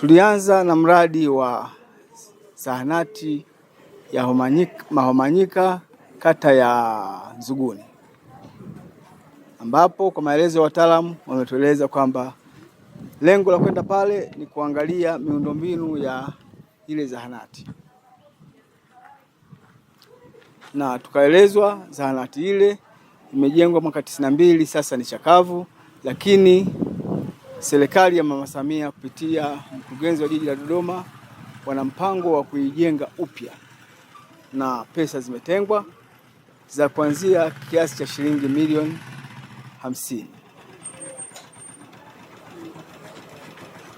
Tulianza na mradi wa zahanati ya Homanyika, Mahomanyika kata ya Nzuguni, ambapo kwa maelezo ya wataalamu wametueleza kwamba lengo la kwenda pale ni kuangalia miundombinu ya ile zahanati, na tukaelezwa zahanati ile imejengwa mwaka tisini na mbili, sasa ni chakavu, lakini Serikali ya Mama Samia kupitia mkurugenzi wa jiji la Dodoma wana mpango wa kuijenga upya na pesa zimetengwa za kuanzia kiasi cha shilingi milioni hamsini.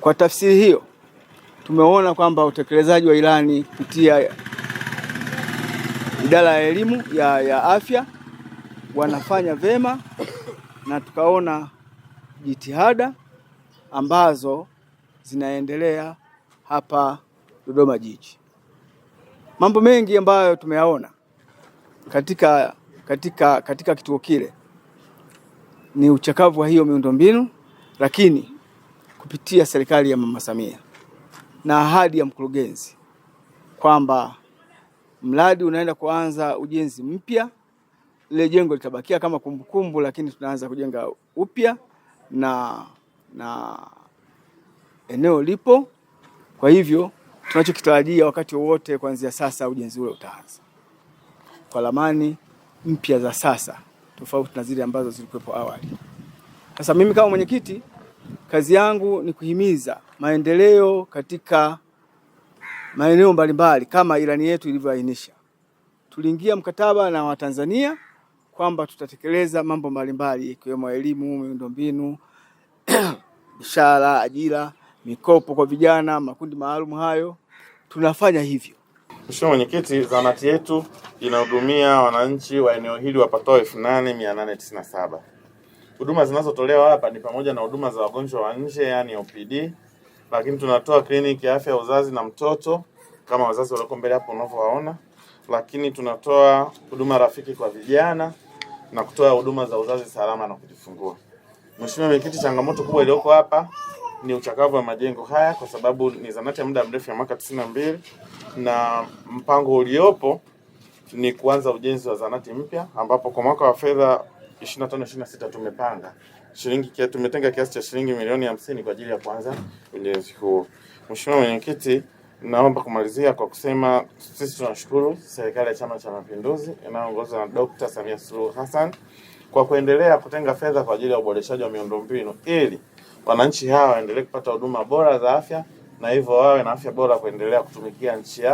Kwa tafsiri hiyo, tumeona kwamba utekelezaji wa ilani kupitia idara ya elimu ya, ya afya wanafanya vema na tukaona jitihada ambazo zinaendelea hapa Dodoma jiji. Mambo mengi ambayo tumeyaona katika, katika, katika kituo kile ni uchakavu wa hiyo miundombinu, lakini kupitia serikali ya Mama Samia na ahadi ya mkurugenzi kwamba mradi unaenda kuanza ujenzi mpya, lile jengo litabakia kama kumbukumbu, lakini tunaanza kujenga upya na na eneo lipo. Kwa hivyo tunachokitarajia wakati wowote kuanzia sasa ujenzi ule utaanza kwa ramani mpya za sasa, tofauti na zile ambazo zilikuwepo awali. Sasa mimi kama mwenyekiti, kazi yangu ni kuhimiza maendeleo katika maeneo mbalimbali kama ilani yetu ilivyoainisha. Tuliingia mkataba na Watanzania kwamba tutatekeleza mambo mbalimbali ikiwemo elimu, miundombinu ishara, ajira, mikopo kwa vijana, makundi maalum hayo, tunafanya hivyo. Mheshimiwa Mwenyekiti, zahanati yetu inahudumia wananchi wa eneo hili wapatao elfu nane mia nane tisini na saba. Huduma zinazotolewa hapa ni pamoja na huduma za wagonjwa wa nje yani OPD, lakini tunatoa kliniki ya afya ya uzazi na mtoto kama wazazi walioko mbele hapo unavyowaona, lakini tunatoa huduma rafiki kwa vijana na kutoa huduma za uzazi salama na kujifungua. Mheshimiwa Mwenyekiti, changamoto kubwa iliyoko hapa ni uchakavu wa majengo haya kwa sababu ni zahanati ya muda mrefu ya mwaka tisini na mbili na mpango uliopo ni kuanza ujenzi wa zanati mpya ambapo kwa mwaka wa fedha 25 26 tumepanga shilingi kia, tumetenga kiasi cha shilingi milioni hamsini kwa ajili ya kuanza ujenzi huo. Mheshimiwa Mwenyekiti, naomba kumalizia kwa kusema sisi tunashukuru serikali ya Chama cha Mapinduzi inayoongozwa na Dr. Samia Suluhu Hassan kwa kuendelea kutenga fedha kwa ajili ya uboreshaji wa miundombinu ili wananchi hawa waendelee kupata huduma bora za afya na hivyo wawe na afya bora kuendelea kutumikia nchi yao.